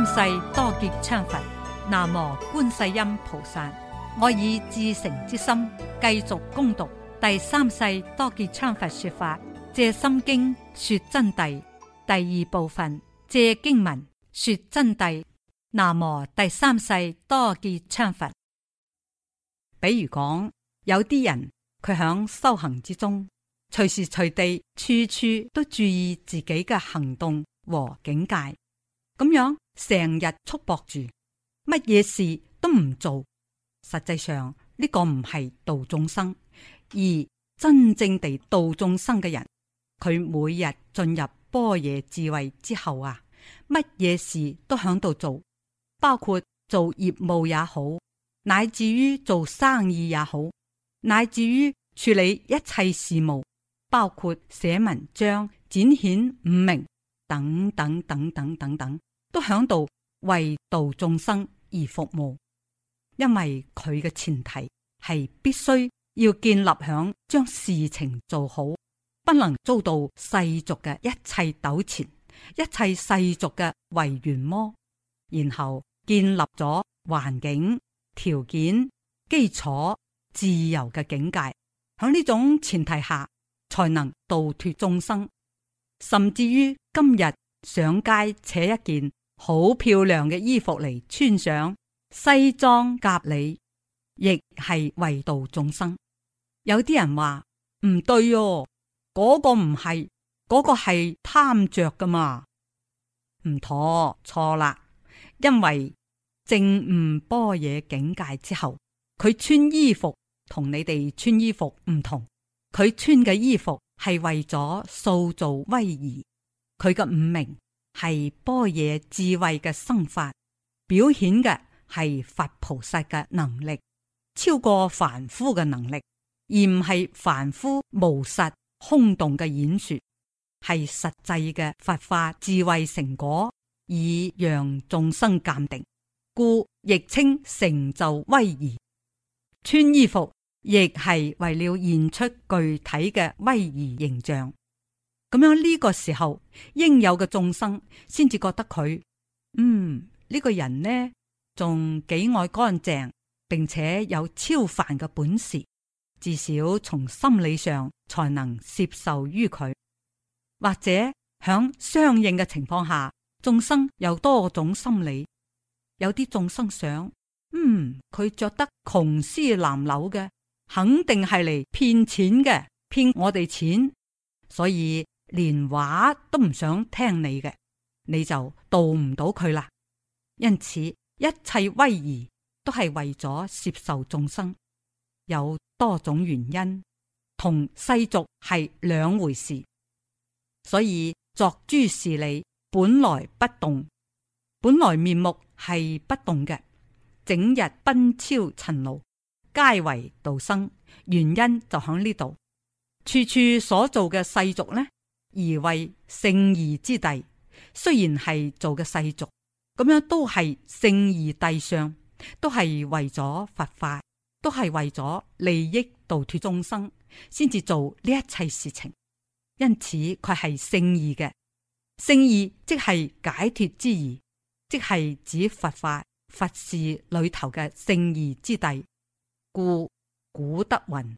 三世多杰羌佛，南無觀世音菩薩。我以至誠之心，繼續恭讀第三世多杰羌佛說法《藉心經》說真諦第二部分《藉經文說真諦》，南無第三世多杰羌佛。比如講，有啲人佢喺修行之中，隨時隨地、處處都注意自己嘅行動和境界，咁樣。成日束縛住，乜嘢事都唔做。實際上呢、這個唔係度眾生，而真正地度眾生嘅人，佢每日進入般若智慧之後啊，乜嘢事都響度做，包括做業務也好，乃至於做生意也好，乃至於處理一切事務，包括寫文章、展顯五明等等等等等等。都響度為度眾生而服務，因為佢嘅前提係必須要建立響將事情做好，不能遭到世俗嘅一切糾纏、一切世俗嘅違緣魔，然後建立咗環境條件基礎自由嘅境界。響呢種前提下，才能度脱眾生，甚至於今日上街扯一件。好漂亮嘅衣服嚟，穿上西裝革履亦係為度眾生。有啲人話唔對哦，嗰個唔係，嗰個係貪着噶嘛？唔妥，錯啦。因為證悟般若境界之後，佢穿衣服同你哋穿衣服唔同。佢穿嘅衣服係為咗塑造威儀，佢嘅五明。係般若智慧嘅生發，表現嘅係佛菩薩嘅能力，超過凡夫嘅能力，而唔係凡夫無實空洞嘅演說，係實際嘅佛法智慧成果，以讓眾生鑒定，故亦稱成就威儀。穿衣服亦係為了現出具體嘅威儀形象。咁樣呢個時候，應有嘅眾生先至覺得佢，嗯，呢個人呢，仲幾愛乾淨，並且有超凡嘅本事，至少從心理上才能接受於佢。或者響相應嘅情況下，眾生有多種心理，有啲眾生想，嗯，佢着得窮絲藍褸嘅，肯定係嚟騙錢嘅，騙我哋錢，所以。連話都唔想聽你嘅，你就渡唔到佢啦。因此一切威儀都係為咗攝受眾生，有多種原因同世俗係兩回事。所以作諸事理本來不動，本來面目係不動嘅。整日奔超塵勞，皆為道生。原因就喺呢度。處處所做嘅世俗呢？而為聖義之地，雖然係做嘅世俗，咁樣都係聖義帝相，都係為咗佛法，都係為咗利益度脫眾生，先至做呢一切事情。因此佢係聖義嘅，聖義即係解脫之義，即係指佛法、佛事裏頭嘅聖義之地。故古德云：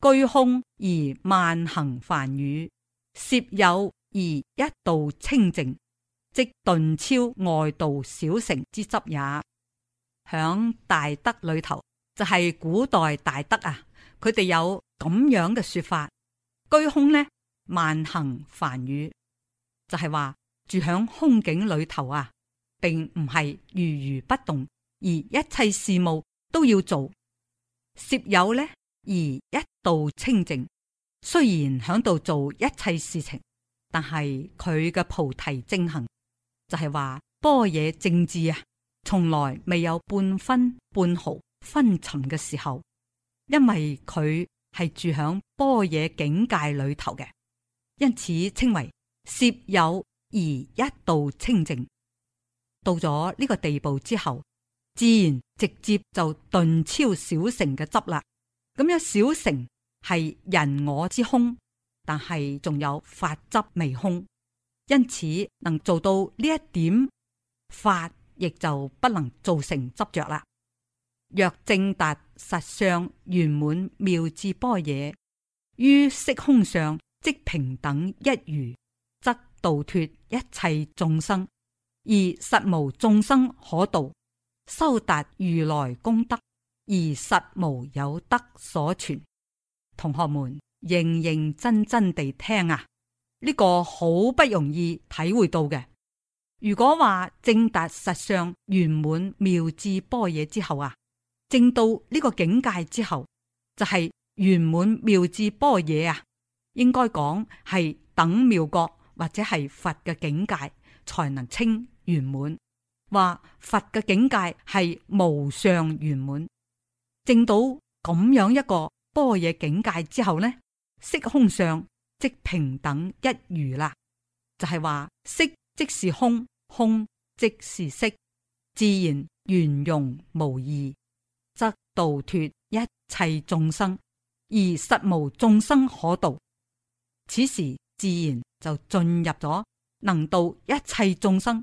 居空而萬行繁語。涉有而一道清淨，即頓超外道小乘之執也。響大德裏頭就係、是、古代大德啊，佢哋有咁樣嘅說法。居空呢，萬行梵語就係、是、話住響空境裏頭啊，並唔係如如不動，而一切事務都要做涉有呢，而一道清淨。雖然響度做一切事情，但係佢嘅菩提正行就係話般若正智啊，從來未有半分半毫昏沉嘅時候，因為佢係住響般若境界裏頭嘅，因此稱為涉有而一度清淨。到咗呢個地步之後，自然直接就頓超小城嘅執啦。咁樣小城。係人我之空，但係仲有法執未空，因此能做到呢一點，法亦就不能造成執着啦。若正達實相圓滿妙智般若於色空上即平等一如，則度脫一切眾生而實無眾生可度，修達如來功德而實無有德所存。同學們認認真真地聽啊，呢、這個好不容易體會到嘅。如果話正達實相「圓滿妙智般若」之後啊，正到呢個境界之後，就係、是、圓滿妙智般若」啊，應該講係等妙覺或者係佛嘅境界，才能稱圓滿。話佛嘅境界係無上圓滿，正到咁樣一個。多嘢境界之後呢？色空相即平等一如啦，就係、是、話色即是空，空即是色，自然圓融無異，則度脫一切眾生而實無眾生可度。此時自然就進入咗能度一切眾生，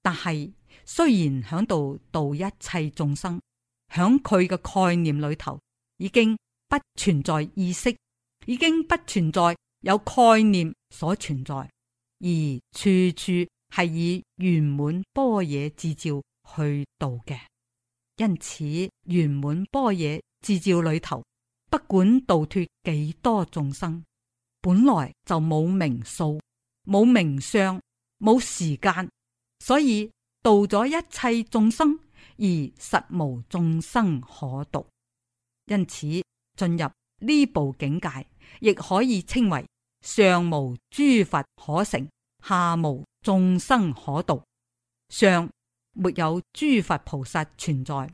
但係雖然響度度，度一切眾生，響佢嘅概念裏頭已經。不存在意識，已經不存在有概念所存在，而處處係以圓滿般若智照去度嘅。因此，圓滿般若智照裏頭，不管度脱幾多眾生，本來就冇名數、冇名相、冇時間，所以度咗一切眾生而實無眾生可度，因此。進入呢部境界，亦可以稱為上無諸佛可成，下無眾生可度。上沒有諸佛菩薩存在，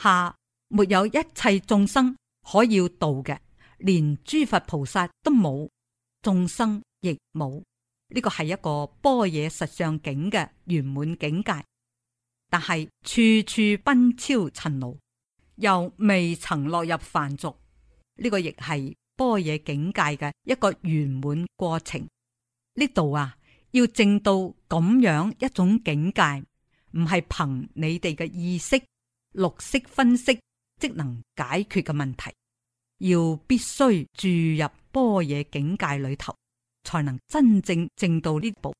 下沒有一切眾生可要度嘅，連諸佛菩薩都冇，眾生亦冇。呢個係一個般若實相境嘅圓滿境界，但係處處奔超塵勞，又未曾落入凡俗。呢個亦係般若境界嘅一個圓滿過程。呢度啊，要證到咁樣一種境界，唔係憑你哋嘅意識、六識分析即能解決嘅問題。要必須注入般若境界裏頭，才能真正證到呢步，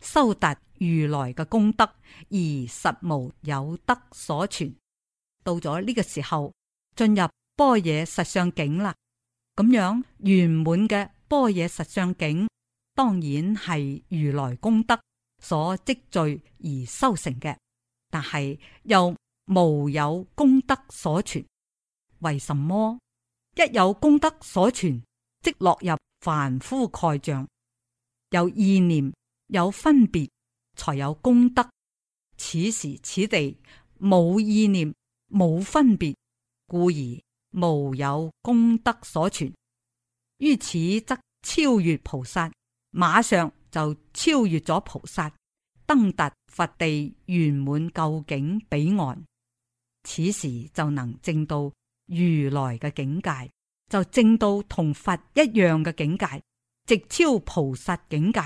修達如來嘅功德，而實無有得所存。到咗呢個時候，進入。般若實相境啦，咁樣圓滿嘅般若實相境，當然係如來功德所積聚而修成嘅，但係又無有功德所存。為什麼？一有功德所存，即落入凡夫蓋象；有意念、有分別，才有功德。此時此地冇意念、冇分別，故而。無有功德所存，於此則超越菩薩，馬上就超越咗菩薩，登達佛地圓滿究竟彼岸。此時就能證到如來嘅境界，就證到同佛一樣嘅境界，直超菩薩境界，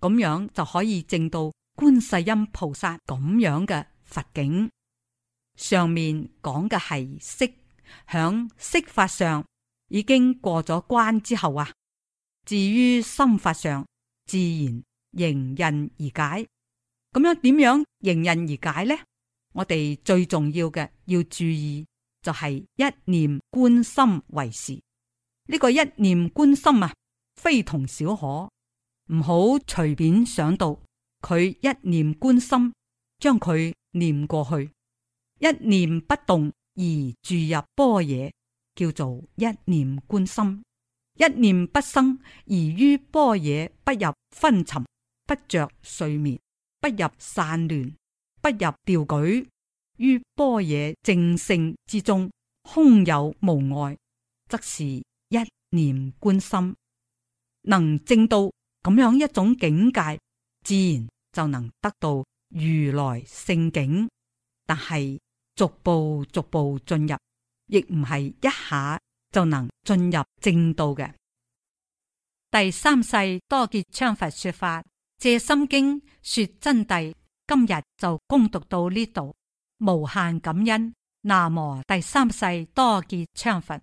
咁樣就可以證到觀世音菩薩咁樣嘅佛境。上面講嘅係識。響色法上已經過咗關之後啊，至於心法上自然迎刃而解。咁樣點樣迎刃而解呢？我哋最重要嘅要注意就係、是、一念觀心為事。呢、這個一念觀心啊，非同小可，唔好隨便想到佢一念觀心，將佢念過去，一念不動。而住入般若，叫做一念觀心。一念不生，而於般若不入昏沉、不着睡眠、不入散亂、不入掉舉，於般若正性之中，空有無礙，則是一念觀心。能證到咁樣一種境界，自然就能得到如來聖境。但係。逐步逐步進入，亦唔係一下就能進入正道嘅。第三世多杰羌佛說法《藉心經》說真諦，今日就恭讀到呢度，無限感恩。南無第三世多杰羌佛。